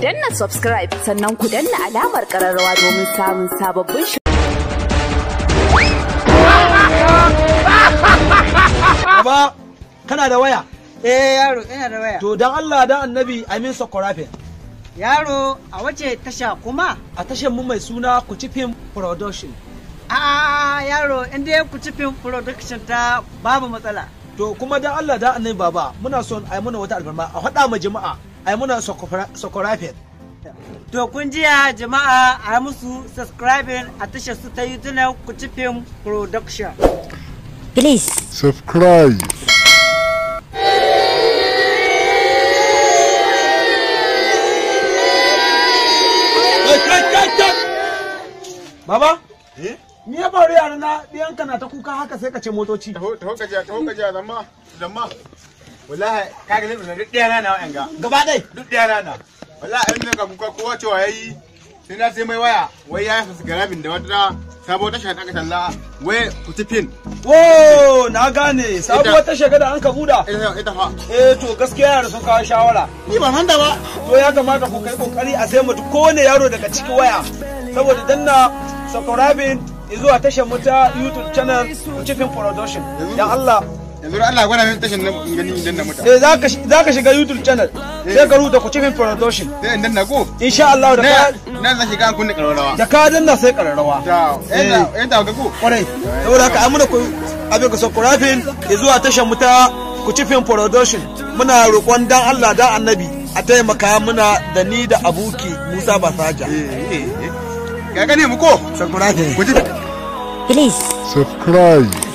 danna subscribe sannan ku danna alamar kararrawa domin samun sababbin Baba, kana da waya? Eh yaro, ina da waya. To dan Allah dan Annabi Amin Sokorafe. Yaro, a wace tasha kuma? A tashar mu mai suna Kucifin Production. Ah, yaro, inda Kucifin Production ta babu matsala. To kuma dan Allah dan Annabi Baba, muna son a yi mana wata alfarma a faɗa ma jama'a ai muna sokorafin to kun jiya jama'a a musu subscribing a tashar su ta youtube ku ci film production please subscribe Baba? Ni eh? ya faru yaran na ɗiyanka na ta kuka haka sai ka ce motoci. Taho taho ta taho zama zama. wallahi kaga libin na duk ɗaya na wa'yan ga gaba dai duk ɗaya na wallahi in ka kuka kowa cewa yayi sai na sai mai waya wai ya fasa garabin da wata sabo tasha ta talla wai ku kutufin wo na gane sabuwar tasha da an ka buda ita fa eh to gaskiya yara sun kawo shawara ni ba handa ba to ya kamata ku kai kokari a sai mutu kowane yaro daga cikin waya saboda danna sakorabin zuwa tashar mu ta YouTube channel Kutufin Production dan Allah yanzu da Allah gwada min tashin nan idan na mutu eh zaka zaka shiga YouTube channel eh. sai ka rubuta kucimin production sai in danna ko insha Allah da ka nan zan shiga kun kararrawa da ka danna sai kararrawa eh eh da ga eh, ko kwarai saboda ka amuna ko abin ka sokorafin ya zuwa tashan mu ta kucifin production muna roƙon dan Allah da annabi a taimaka muna da ni da abuki Musa Basaja ga eh, gane mu ko sokorafin please subscribe